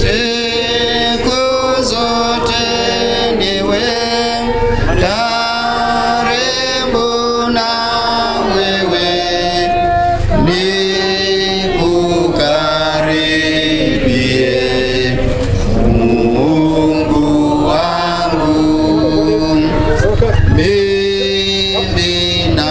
siku zote niwe karibu na wewe, nikukaribie Mungu wangu mimi na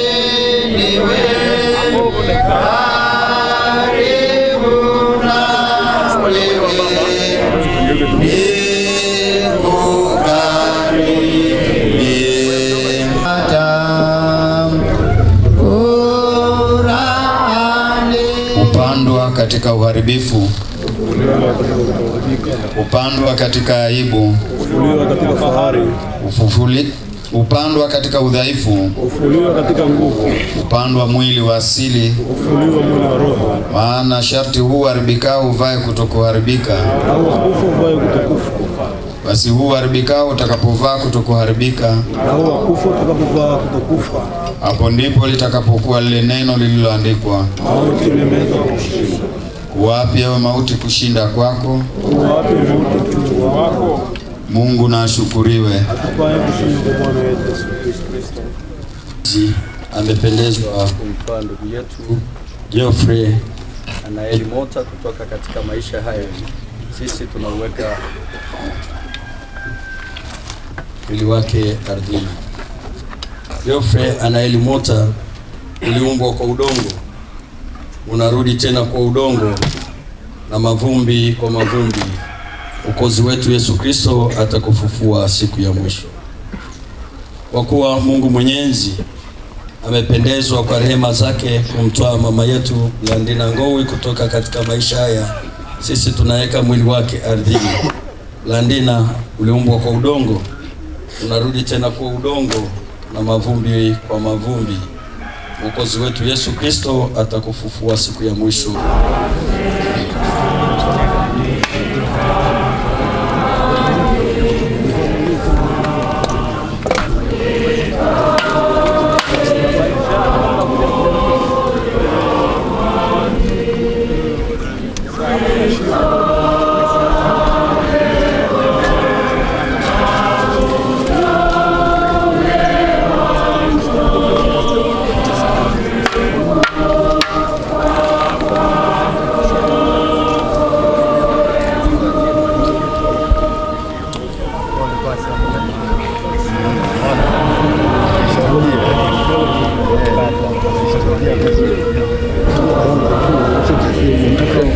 katika uharibifu, upandwa katika aibu, ufufuli upandwa katika udhaifu, ufufuliwa katika nguvu, upandwa mwili wa asili, ufufuliwa mwili wa roho. Maana sharti huu haribikao uvae kutokuharibika, au utukufu uvae utukufu basi huu uharibikao utakapovaa kutokuharibika, na huu wakufa utakapovaa kutokufa, hapo ndipo litakapokuwa lile neno lililoandikwa, mauti imemezwa kwa kushinda. Kuwapi ewe mauti kushinda kwako? Kuwapi mauti kushinda kwako? Mungu na ashukuriwe, atupaye kushinda kwa Bwana wetu Yesu Kristo. Amependezwa kumpa ndugu yetu Geoffrey Anaeli Mota kutoka katika maisha hayo, Sisi tunaweka mwili wake ardhini. Geoffrey Anael Mota uliumbwa kwa udongo, unarudi tena kwa udongo na mavumbi kwa mavumbi. ukozi wetu Yesu Kristo atakufufua siku ya mwisho. Kwa kuwa Mungu Mwenyezi amependezwa kwa rehema zake kumtoa mama yetu Landina Ngowi kutoka katika maisha haya, sisi tunaweka mwili wake ardhini. Landina, uliumbwa kwa udongo tunarudi tena kwa udongo na mavumbi kwa mavumbi. Mwokozi wetu Yesu Kristo atakufufua siku ya mwisho.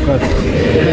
шукати.